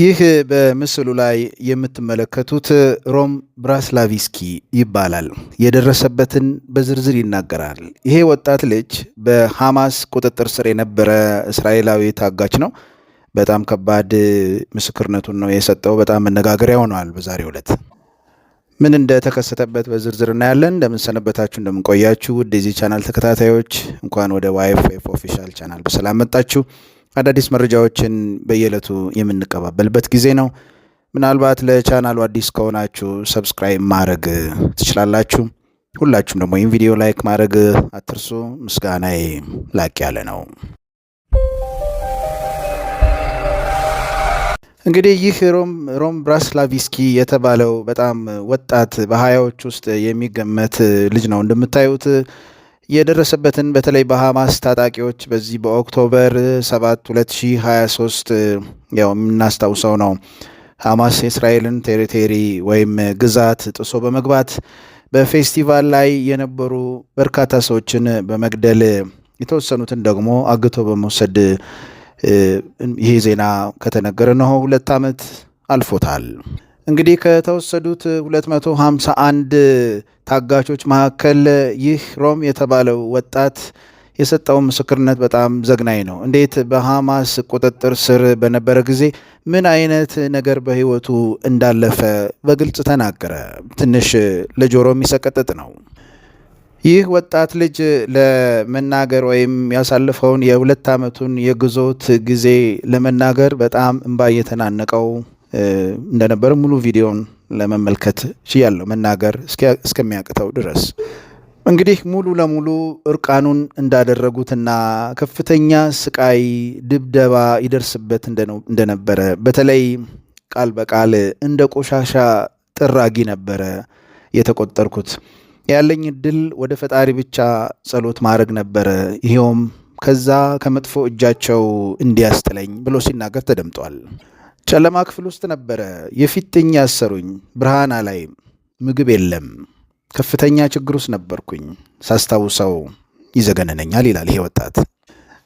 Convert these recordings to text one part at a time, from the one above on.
ይህ በምስሉ ላይ የምትመለከቱት ሮም ብራስላቪስኪ ይባላል። የደረሰበትን በዝርዝር ይናገራል። ይሄ ወጣት ልጅ በሐማስ ቁጥጥር ስር የነበረ እስራኤላዊ ታጋች ነው። በጣም ከባድ ምስክርነቱን ነው የሰጠው። በጣም መነጋገሪያ ሆኗል። በዛሬው ዕለት ምን እንደተከሰተበት በዝርዝር እናያለን። እንደምንሰነበታችሁ፣ እንደምንቆያችሁ ውድ የዚህ ቻናል ተከታታዮች እንኳን ወደ ዋይፍ ኦፊሻል ቻናል በሰላም መጣችሁ። አዳዲስ መረጃዎችን በየዕለቱ የምንቀባበልበት ጊዜ ነው። ምናልባት ለቻናሉ አዲስ ከሆናችሁ ሰብስክራይብ ማድረግ ትችላላችሁ። ሁላችሁም ደግሞ ይህም ቪዲዮ ላይክ ማድረግ አትርሱ። ምስጋናዬ ላቅ ያለ ነው። እንግዲህ ይህ ሮም ብራስላቪስኪ የተባለው በጣም ወጣት በሀያዎች ውስጥ የሚገመት ልጅ ነው እንደምታዩት የደረሰበትን በተለይ በሐማስ ታጣቂዎች በዚህ በኦክቶበር 7 2023 ያው የምናስታውሰው ነው። ሐማስ የእስራኤልን ቴሪቴሪ ወይም ግዛት ጥሶ በመግባት በፌስቲቫል ላይ የነበሩ በርካታ ሰዎችን በመግደል የተወሰኑትን ደግሞ አግቶ በመውሰድ ይሄ ዜና ከተነገረ ነሆ ሁለት ዓመት አልፎታል። እንግዲህ ከተወሰዱት 251 ታጋቾች መካከል ይህ ሮም የተባለው ወጣት የሰጠው ምስክርነት በጣም ዘግናኝ ነው። እንዴት በሐማስ ቁጥጥር ስር በነበረ ጊዜ ምን አይነት ነገር በሕይወቱ እንዳለፈ በግልጽ ተናገረ። ትንሽ ለጆሮ የሚሰቀጥጥ ነው። ይህ ወጣት ልጅ ለመናገር ወይም ያሳለፈውን የሁለት ዓመቱን የግዞት ጊዜ ለመናገር በጣም እምባ እየተናነቀው እንደነበረ ሙሉ ቪዲዮን ለመመልከት ችያለሁ፣ መናገር እስከሚያቅተው ድረስ። እንግዲህ ሙሉ ለሙሉ እርቃኑን እንዳደረጉትና ከፍተኛ ስቃይ፣ ድብደባ ይደርስበት እንደነበረ በተለይ ቃል በቃል እንደ ቆሻሻ ጥራጊ ነበረ የተቆጠርኩት። ያለኝ እድል ወደ ፈጣሪ ብቻ ጸሎት ማድረግ ነበረ፣ ይኸውም ከዛ ከመጥፎ እጃቸው እንዲያስጥለኝ ብሎ ሲናገር ተደምጧል። ጨለማ ክፍል ውስጥ ነበረ። የፊትኛ ያሰሩኝ፣ ብርሃን አላይም፣ ምግብ የለም። ከፍተኛ ችግር ውስጥ ነበርኩኝ። ሳስታውሰው ይዘገነነኛል ይላል ይሄ ወጣት።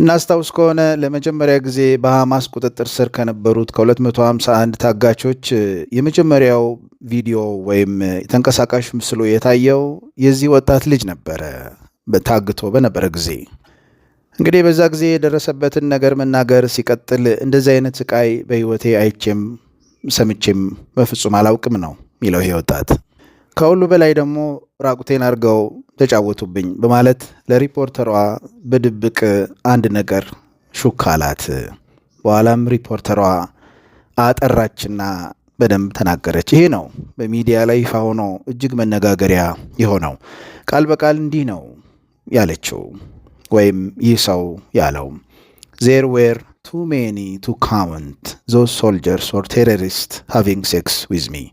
እናስታውስ ከሆነ ለመጀመሪያ ጊዜ በሐማስ ቁጥጥር ስር ከነበሩት ከ251 ታጋቾች የመጀመሪያው ቪዲዮ ወይም ተንቀሳቃሽ ምስሉ የታየው የዚህ ወጣት ልጅ ነበረ ታግቶ በነበረ ጊዜ እንግዲህ በዛ ጊዜ የደረሰበትን ነገር መናገር ሲቀጥል እንደዚህ አይነት ስቃይ በህይወቴ አይቼም ሰምቼም በፍጹም አላውቅም ነው የሚለው ይሄ ወጣት። ከሁሉ በላይ ደግሞ ራቁቴን አድርገው ተጫወቱብኝ በማለት ለሪፖርተሯ በድብቅ አንድ ነገር ሹክ አላት። በኋላም ሪፖርተሯ አጠራችና በደንብ ተናገረች። ይሄ ነው በሚዲያ ላይ ይፋ ሆኖ እጅግ መነጋገሪያ የሆነው። ቃል በቃል እንዲህ ነው ያለችው። ወይም ይህ ሰው ያለው ዜር ዌር ቱ ሜኒ ቱ ካውንት ዞዝ ሶልጀርስ ኦር ቴሮሪስት ሃቪንግ ሴክስ ዊዝ ሚ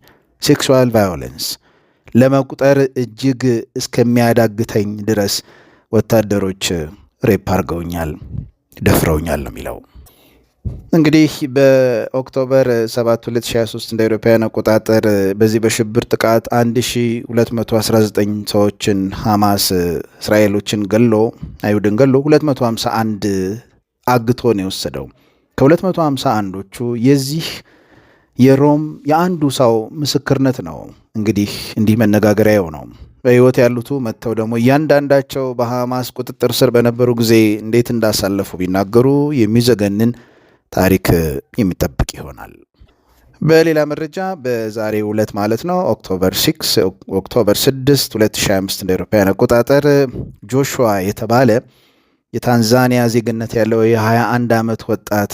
ሴክሱዋል ቫዮለንስ ለመቁጠር እጅግ እስከሚያዳግተኝ ድረስ ወታደሮች ሬፕ አድርገውኛል፣ ደፍረውኛል ነው የሚለው። እንግዲህ በኦክቶበር 7 2023 እንደ አውሮፓውያን አቆጣጠር በዚህ በሽብር ጥቃት 1219 ሰዎችን ሐማስ እስራኤሎችን ገሎ አይሁድን ገሎ 251 አግቶ ነው የወሰደው። ከ251ዶቹ የዚህ የሮም የአንዱ ሰው ምስክርነት ነው እንግዲህ እንዲህ መነጋገሪያ የሆነው። በህይወት ያሉቱ መጥተው ደግሞ እያንዳንዳቸው በሐማስ ቁጥጥር ስር በነበሩ ጊዜ እንዴት እንዳሳለፉ ቢናገሩ የሚዘገንን ታሪክ የሚጠብቅ ይሆናል። በሌላ መረጃ በዛሬ ዕለት ማለት ነው ኦክቶበር 6 ኦክቶበር 6 2025 እንደ አውሮፓውያን አቆጣጠር ጆሹዋ የተባለ የታንዛኒያ ዜግነት ያለው የ21 ዓመት ወጣት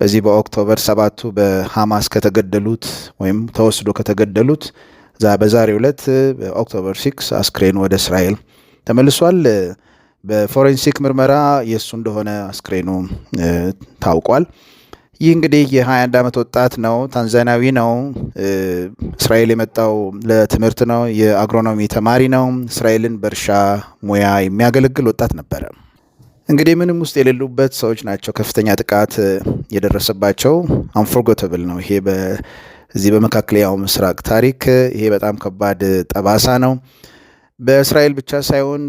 በዚህ በኦክቶበር 7ቱ በሐማስ ከተገደሉት ወይም ተወስዶ ከተገደሉት በዛሬ ዕለት በኦክቶበር 6 አስክሬን ወደ እስራኤል ተመልሷል። በፎሬንሲክ ምርመራ የእሱ እንደሆነ አስክሬኑ ታውቋል። ይህ እንግዲህ የ21 ዓመት ወጣት ነው። ታንዛኒያዊ ነው። እስራኤል የመጣው ለትምህርት ነው። የአግሮኖሚ ተማሪ ነው። እስራኤልን በእርሻ ሙያ የሚያገለግል ወጣት ነበረ። እንግዲህ ምንም ውስጥ የሌሉበት ሰዎች ናቸው ከፍተኛ ጥቃት የደረሰባቸው። አንፎርጎተብል ነው ይሄ በዚህ በመካከለኛው ምስራቅ ታሪክ ይሄ በጣም ከባድ ጠባሳ ነው። በእስራኤል ብቻ ሳይሆን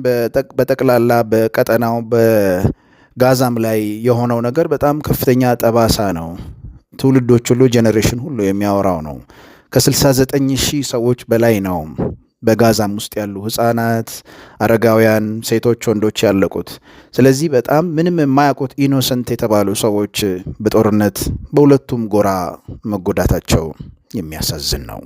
በጠቅላላ በቀጠናው በጋዛም ላይ የሆነው ነገር በጣም ከፍተኛ ጠባሳ ነው። ትውልዶች ሁሉ ጄኔሬሽን ሁሉ የሚያወራው ነው። ከ69 ሺህ ሰዎች በላይ ነው በጋዛም ውስጥ ያሉ ህፃናት፣ አረጋውያን፣ ሴቶች፣ ወንዶች ያለቁት። ስለዚህ በጣም ምንም የማያውቁት ኢኖሰንት የተባሉ ሰዎች በጦርነት በሁለቱም ጎራ መጎዳታቸው የሚያሳዝን ነው።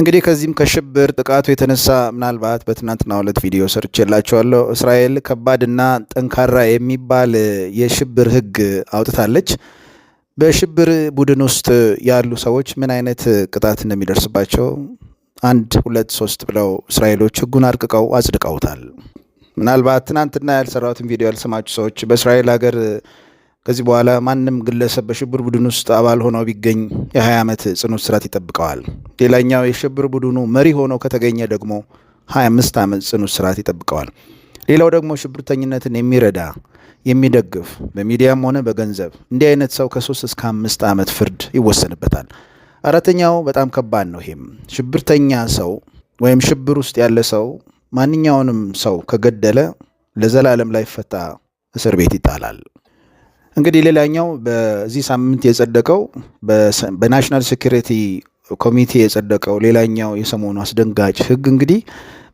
እንግዲህ ከዚህም ከሽብር ጥቃቱ የተነሳ ምናልባት በትናንትና ሁለት ቪዲዮ ሰርቼላችኋለሁ። እስራኤል ከባድና ጠንካራ የሚባል የሽብር ሕግ አውጥታለች። በሽብር ቡድን ውስጥ ያሉ ሰዎች ምን አይነት ቅጣት እንደሚደርስባቸው አንድ ሁለት ሶስት ብለው እስራኤሎች ሕጉን አርቅቀው አጽድቀውታል። ምናልባት ትናንትና ያልሰራሁትን ቪዲዮ ያልሰማችሁ ሰዎች በእስራኤል ሀገር ከዚህ በኋላ ማንም ግለሰብ በሽብር ቡድን ውስጥ አባል ሆኖ ቢገኝ የ20 ዓመት ጽኑ እስራት ይጠብቀዋል። ሌላኛው የሽብር ቡድኑ መሪ ሆኖ ከተገኘ ደግሞ 25 ዓመት ጽኑ እስራት ይጠብቀዋል። ሌላው ደግሞ ሽብርተኝነትን የሚረዳ የሚደግፍ፣ በሚዲያም ሆነ በገንዘብ እንዲህ አይነት ሰው ከ3 እስከ 5 ዓመት ፍርድ ይወሰንበታል። አራተኛው በጣም ከባድ ነው። ይሄም ሽብርተኛ ሰው ወይም ሽብር ውስጥ ያለ ሰው ማንኛውንም ሰው ከገደለ ለዘላለም ላይፈታ እስር ቤት ይጣላል። እንግዲህ ሌላኛው በዚህ ሳምንት የጸደቀው በናሽናል ሴኩሪቲ ኮሚቴ የጸደቀው ሌላኛው የሰሞኑ አስደንጋጭ ህግ እንግዲህ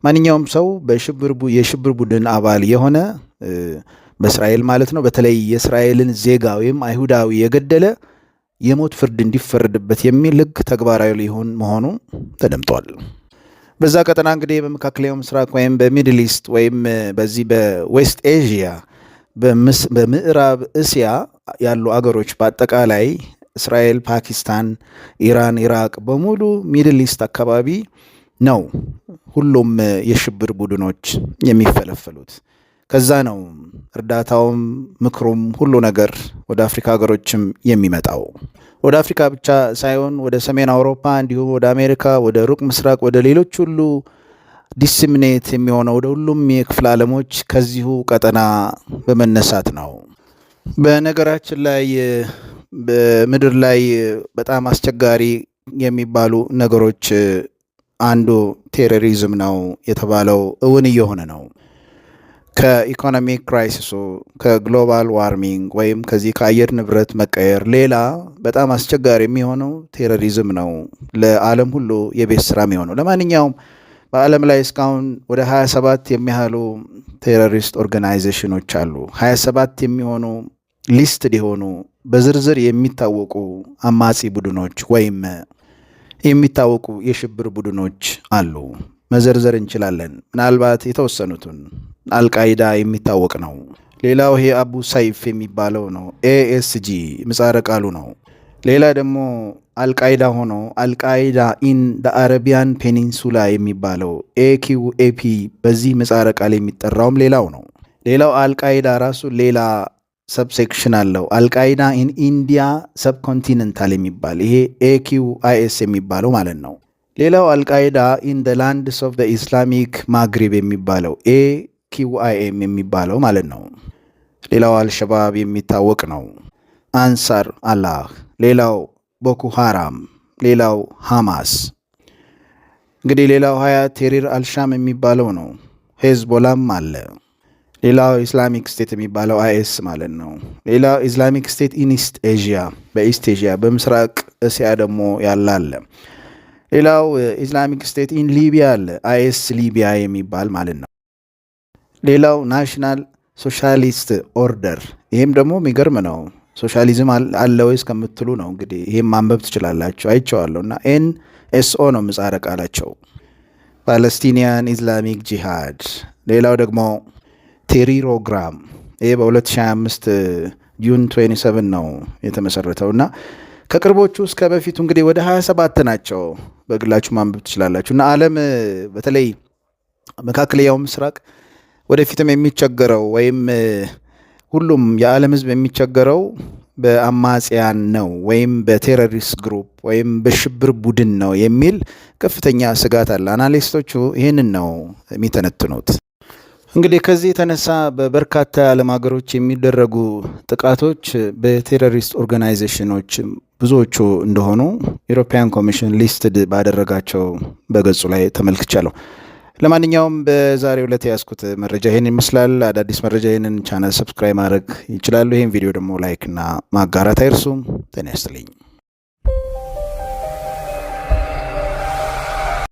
ማንኛውም ሰው የሽብር ቡድን አባል የሆነ በእስራኤል ማለት ነው በተለይ የእስራኤልን ዜጋ ወይም አይሁዳዊ የገደለ የሞት ፍርድ እንዲፈረድበት የሚል ህግ ተግባራዊ ሊሆን መሆኑ ተደምጧል። በዛ ቀጠና እንግዲህ በመካከለኛው ምስራቅ ወይም በሚድል ኢስት ወይም በዚህ በዌስት ኤዥያ በምዕራብ እስያ ያሉ አገሮች በአጠቃላይ እስራኤል፣ ፓኪስታን፣ ኢራን፣ ኢራቅ በሙሉ ሚድል ኢስት አካባቢ ነው ሁሉም የሽብር ቡድኖች የሚፈለፈሉት። ከዛ ነው እርዳታውም ምክሩም ሁሉ ነገር ወደ አፍሪካ ሀገሮችም የሚመጣው። ወደ አፍሪካ ብቻ ሳይሆን ወደ ሰሜን አውሮፓ እንዲሁም ወደ አሜሪካ፣ ወደ ሩቅ ምስራቅ፣ ወደ ሌሎች ሁሉ ዲስሚኔት የሚሆነው ወደ ሁሉም የክፍለ ዓለሞች ከዚሁ ቀጠና በመነሳት ነው። በነገራችን ላይ በምድር ላይ በጣም አስቸጋሪ የሚባሉ ነገሮች አንዱ ቴሮሪዝም ነው የተባለው እውን እየሆነ ነው። ከኢኮኖሚክ ክራይሲሱ ከግሎባል ዋርሚንግ ወይም ከዚህ ከአየር ንብረት መቀየር ሌላ በጣም አስቸጋሪ የሚሆነው ቴሮሪዝም ነው። ለዓለም ሁሉ የቤት ስራ የሚሆነው ለማንኛውም በዓለም ላይ እስካሁን ወደ 27 የሚያህሉ ቴሮሪስት ኦርጋናይዜሽኖች አሉ። 27 የሚሆኑ ሊስት የሆኑ በዝርዝር የሚታወቁ አማጺ ቡድኖች ወይም የሚታወቁ የሽብር ቡድኖች አሉ። መዘርዘር እንችላለን። ምናልባት የተወሰኑትን አልቃይዳ የሚታወቅ ነው። ሌላው ይሄ አቡ ሳይፍ የሚባለው ነው። ኤኤስጂ ምጻረ ቃሉ ነው። ሌላ ደግሞ አልቃይዳ ሆኖ አልቃይዳ ኢን ደ አረቢያን ፔኒንሱላ የሚባለው ኤኪውኤፒ በዚህ ምህጻረ ቃል የሚጠራውም ሌላው ነው። ሌላው አልቃይዳ ራሱ ሌላ ሰብሴክሽን አለው። አልቃይዳ ኢን ኢንዲያ ሰብኮንቲነንታል የሚባል ይሄ ኤኪውአይኤስ የሚባለው ማለት ነው። ሌላው አልቃይዳ ኢን ደ ላንድስ ኦፍ ደ ኢስላሚክ ማግሪብ የሚባለው ኤኪውአይኤም የሚባለው ማለት ነው። ሌላው አልሸባብ የሚታወቅ ነው። አንሳር አላህ ሌላው ቦኮ ሃራም፣ ሌላው ሐማስ። እንግዲህ ሌላው ሀያ ቴሪር አልሻም የሚባለው ነው። ሄዝቦላም አለ። ሌላው ኢስላሚክ ስቴት የሚባለው አይኤስ ማለት ነው። ሌላው ኢስላሚክ ስቴት ኢንስት ኤዥያ በኢስት ኤዥያ በምስራቅ እስያ ደግሞ ያለ አለ። ሌላው ኢስላሚክ ስቴት ኢን ሊቢያ አለ፣ አይኤስ ሊቢያ የሚባል ማለት ነው። ሌላው ናሽናል ሶሻሊስት ኦርደር ይህም ደግሞ የሚገርም ነው። ሶሻሊዝም አለ ወይ እስከምትሉ ነው እንግዲህ ይህም ማንበብ ትችላላችሁ። አይቸዋለሁ እና ኤን ኤስኦ ነው ምጻረ ቃላቸው ፓለስቲኒያን ኢስላሚክ ጂሃድ። ሌላው ደግሞ ቴሪሮግራም ይሄ በ2025 ጁን 27 ነው የተመሰረተው እና ከቅርቦቹ እስከ በፊቱ እንግዲህ ወደ 27 ናቸው። በግላችሁ ማንበብ ትችላላችሁ እና ዓለም በተለይ መካከለኛው ምስራቅ ወደፊትም የሚቸገረው ወይም ሁሉም የዓለም ህዝብ የሚቸገረው በአማጽያን ነው ወይም በቴሮሪስት ግሩፕ ወይም በሽብር ቡድን ነው የሚል ከፍተኛ ስጋት አለ። አናሊስቶቹ ይህንን ነው የሚተነትኑት። እንግዲህ ከዚህ የተነሳ በበርካታ የዓለም ሀገሮች የሚደረጉ ጥቃቶች በቴሮሪስት ኦርጋናይዜሽኖች ብዙዎቹ እንደሆኑ ኢሮፒያን ኮሚሽን ሊስትድ ባደረጋቸው በገጹ ላይ ተመልክቻለሁ። ለማንኛውም በዛሬው ዕለት የያዝኩት መረጃ ይህን ይመስላል። አዳዲስ መረጃ ይህንን ቻናል ሰብስክራይብ ማድረግ ይችላሉ። ይህን ቪዲዮ ደግሞ ላይክ እና ማጋራት አይርሱም። ጤና ይስጥልኝ።